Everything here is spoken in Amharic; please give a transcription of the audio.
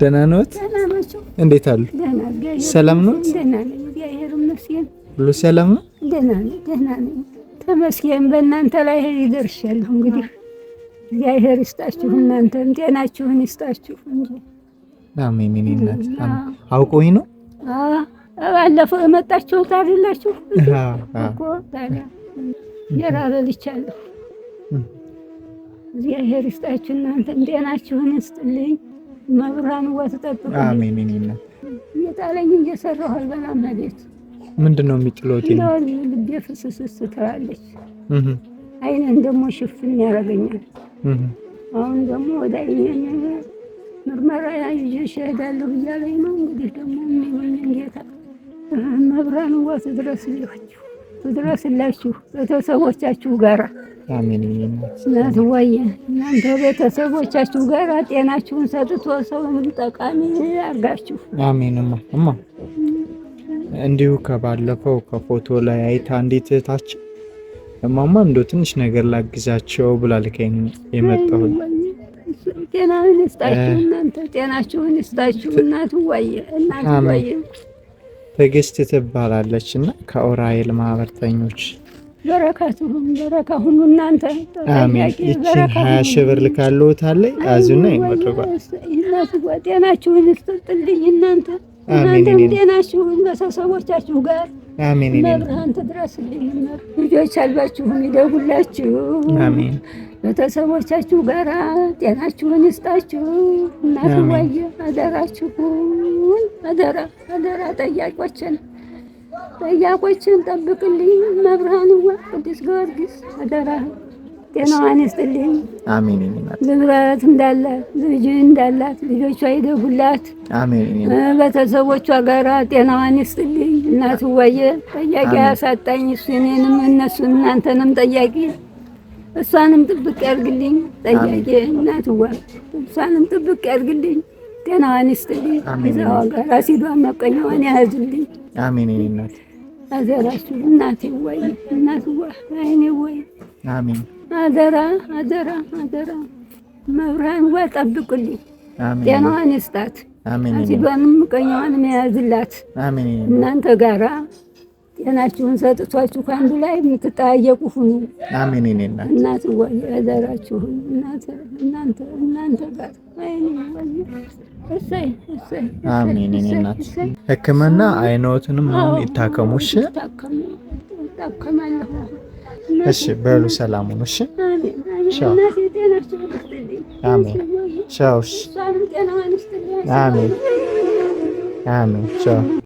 ደህና ነዎት? እንዴት አሉ? ሰላም ነዎት? ሁሉ ሰላም ነው? ደህና ነኝ፣ ደህና ነኝ ተመስገን። በእናንተ ላይ ይደርሻለሁ። እንግዲህ እግዚአብሔር ይስጣችሁ፣ እናንተም ጤናችሁን ይስጣችሁ እንጂ። አሜን። እኔ እናት አውቀውኝ ነው? ባለፈው የመጣችሁት አይደላችሁ አዎ ታዲያ የራበልቻለሁ እግዚአብሔር ይስጣችሁ። እናንተም ጤናችሁን ይስጥልኝ። መብራን ወት ጠብቁ። የጣለኝ እየሰራሁ አልበላም። ቤት ምንድን ነው የሚጥሎት? ልቤ ፍስስስ ትላለች። አይነን ደግሞ ሽፍን ያደርገኛል። አሁን ደግሞ ወደ አይኔን ምርመራ ይዤ እሄዳለሁ እያለኝ ነው። እንግዲህ ደግሞ የሚሆን ጌታ መብራን ወት ድረስ ልሆችሁ ትድረስላችሁ ቤተሰቦቻችሁ ጋር አሜን። እናትዬ እናንተ ቤተሰቦቻችሁ ጋር ጤናችሁን ሰጥቶ ሰው ጠቃሚ አድርጋችሁ አሜን። እማ እንዲሁ ከባለፈው ከፎቶ ላይ አይታ አንዲት እህታችን እማማ እንደው ትንሽ ነገር ላግዛቸው ብላ የመጣሁ ጤናን ይስጣችሁ እናንተ ጤናችሁን ይስጣችሁ እናትዬ እናትዬ ትዕግስት ትባላለች እና ከኦራኤል ማህበርተኞች በረከቱ በረካ ሁኑ እናንተ አሜን። ይችን ሀያ ሺህ ብር ልካለሁት አዙና ይመጥባል ጤናችሁን ይስጥልኝ እናንተ እናንተም ጤናችሁን በሰው በሰሰቦቻችሁ ጋር አሜን። መብርሃን ትድረስልኝ። ልጆች አልባችሁም ይደጉላችሁ። አሜን። ቤተሰቦቻችሁ ጋር ጤናችሁን ይስጣችሁ። እናትዋየ አደራችሁን፣ አደራ አደራ። ጠያቆችን ጠያቆችን ጠብቅልኝ። መብርሃንዋ ቅዱስ ጊዮርጊስ አደራ ጤናዋን ይስጥልኝ። አሜን። ንብረት እንዳላት ልጅ እንዳላት ልጆቿ ይደጉላት። አሜን። ቤተሰቦቿ ጋር ጤናዋን ይስጥልኝ። እናቱ ወየ ጠያቂ ያሳጣኝ እሱ እኔንም እነሱ እናንተንም ጠያቂ እሷንም ጥብቅ ያርግልኝ። ጠያቂ እናትዋ እሷንም ጥብቅ ያርግልኝ። ጤናዋን ይስጥልኝ። ይዛዋ ጋር አሲዷን መቆኛዋን ያዝልኝ። አሜን። እናት አደራችሁ እናት ወይ አይኔ ወይ አሜን። አደራ አደራ አደራ መብርሃን ወ ጠብቁልኝ። ጤናዋን ይስጣት። አሲዷን ምቀኛዋን መያዝላት እናንተ ጋራ ጤናችሁን ሰጥቷችሁ ከአንዱ ላይ የምትጠያየቁ ሁኑ። እናት ወይ እናንተ ጋር እሰይ እሰይ። አሜን። እናት ሕክምና አይኖትንም አሁን ይታከሙሽ። ይታከማለሁ። እሺ በሉ ሰላም ሁኑ። እሺ ሻው ሻው Amin. Amin. So,